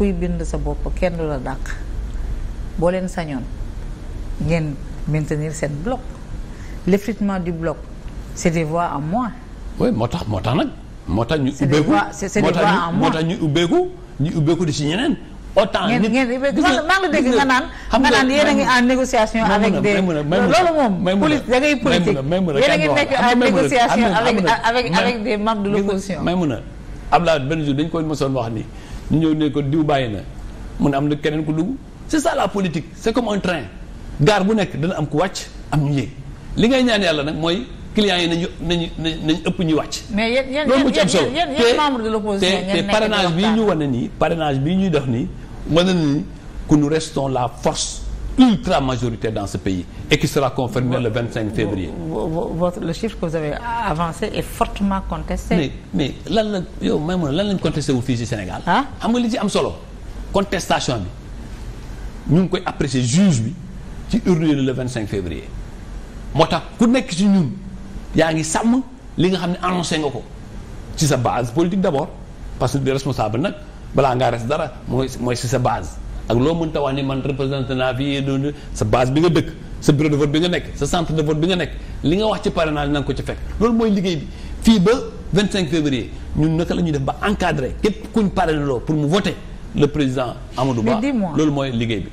kuy bind sa bopp kenn du la dàq boo leen sañoon ngeen maintenir seen bloc l'effritement du bloc c'est des voix mois moins. moo tax moo tax nag. moo tax ñu ubbeeku c'est des voix en moins ñu ubbeeku ñu ubbeeku di si ñeneen. autant nit ngeen ngeen maa ngi dégg nga naan. xam nga naan yéen a ngi en négociation. avec des loolu moom. politique da ngay politique yéen a ngi nekk en négociation avec avec Abdoulaye benn jour dañ koy mosoon wax ni ñu ñëw ne ko diw bàyyi na mu am na keneen ku dugg c'est ça la politique c'est comme un train gaar bu nekk dana am ku wàcc am ñu yéeg li ngay ñaan yàlla nag mooy clients yi nañu nañu nañu ëpp ñu wàcc. loolu mu ci am solo te te bi bii ñu wane nii parrainage bi ñuy def nii wane na ni que nous restons la force. ultra majorité dans ce pays et qui sera confirmé le 25 février. votre le chiffre que vous avez avancé est fortement contesté. mais mais lan la yow même lan lañ contesté wu fii ci Sénégal. Ah? xam nga li ci am solo contestation bi ñu ngi koy apprécier juge bi ci urne le 25 février. moo tax ku nekk ci ñun yaa ngi sàmm li nga xam ne annoncé nga ko ci sa base politique d'abord parce que di responsable nag balaa ngaa res dara mooy mooy ci sa base. ak loo mën ta wax ni man représenté naa fii sa base bi nga dëkk sa bureau de vote bi nga nekk sa centre de vote bi nga nekk li nga wax ci naa na nga ko ci fekk loolu mooy liggéey bi fii ba 25 février ñun naka la ñuy def ba encadré képp kuñ parrainé loo pour mu voter le président Amadou Ba loolu mooy liggéey bi